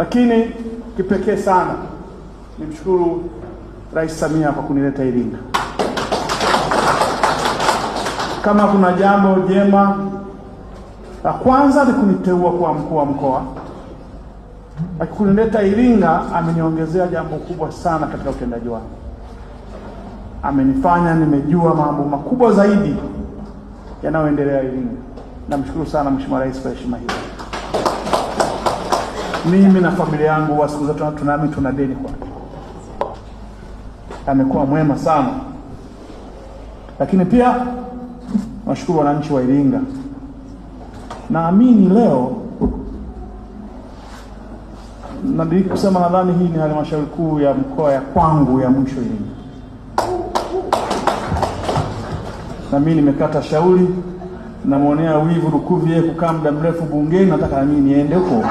Lakini kipekee sana nimshukuru Rais Samia kwa kunileta Iringa. Kama kuna jambo jema la kwanza ni kuniteua kuwa mkuu wa mkoa, kunileta Iringa ameniongezea jambo kubwa sana katika utendaji wangu, amenifanya nimejua mambo makubwa zaidi yanayoendelea Iringa. Namshukuru sana Mheshimiwa Rais kwa heshima hiyo mimi na familia yangu wa siku zote tunami tuna deni kwake. Amekuwa mwema sana, lakini pia washukuru wananchi wa Iringa. Naamini leo nadiriki kusema, nadhani hii ni halmashauri kuu ya mkoa ya kwangu ya mwisho Iringa, na mimi nimekata shauri namwonea wivu Lukuvi yeye kukaa muda mrefu bungeni, nataka na mimi niende huko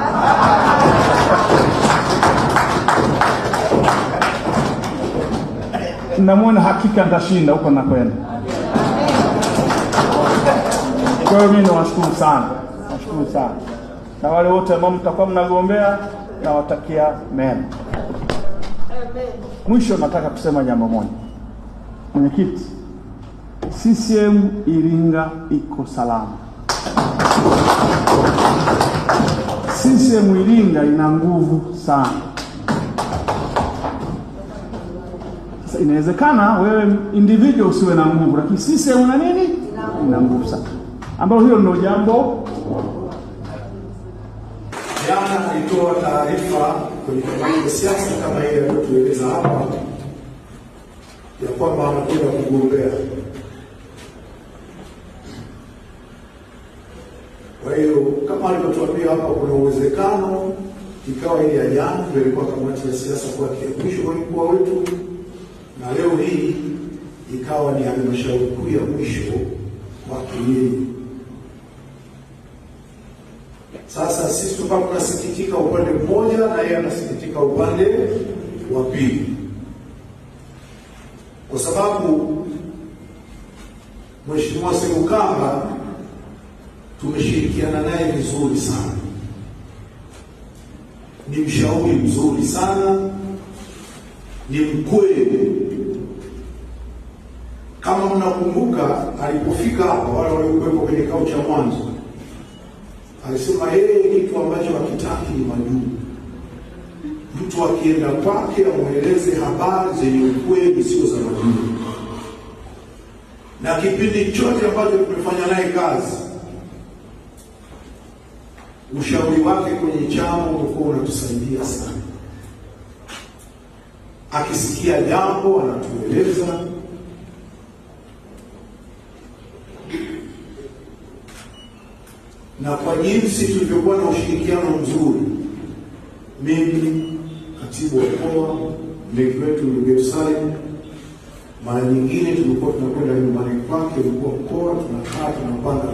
namwona hakika ntashinda huko nakwenda. Kwa hiyo mimi nawashukuru sana, nashukuru sana na wale wote ambao mtakuwa mnagombea, nawatakia mema. Mwisho nataka kusema jambo moja, mwenyekiti, CCM Iringa iko salama. CCM Iringa ina nguvu sana. Sasa inawezekana wewe individual usiwe na nguvu, lakini CCM na nini ina nguvu sana, ambalo hilo ndio jambo. Jana alitoa taarifa kwenye kamati ya siasa kama ile aliyotueleza hapa ya kwamba anakwenda kugombea Kwa hiyo kama alivyotuambia hapa, kuna uwezekano ikawa ile ya jana ndio ilikuwa kamati ya siasa kwa mwisho kwenye mkoa wetu, na leo hii ikawa ni halmashauri kuu ya mwisho kwa Kinyeri. Sasa sisi tulikuwa tunasikitika upande mmoja na yeye anasikitika upande wa pili, kwa sababu Mheshimiwa Sekukamba tumeshirikiana naye vizuri sana, ni mshauri mzuri sana, ni mkweli. Kama mnakumbuka alipofika hapa, wale waliokuwepo kwenye kikao cha mwanzo, alisema yeye kitu ambacho hakitaki ni majuu. Mtu akienda kwake amweleze habari zenye ukweli, sio za majuu. Na kipindi chote ambacho tumefanya naye kazi ushauri wake kwenye chama ulikuwa unatusaidia sana. Akisikia jambo anatueleza. Na kwa jinsi tulivyokuwa na ushirikiano mzuri, mimi katibu wa mkoa, ndugu wetu Lugetu mara nyingine tulikuwa tunakwenda nyumbani kwake, ulikuwa mkoa, tunakaa tunapanga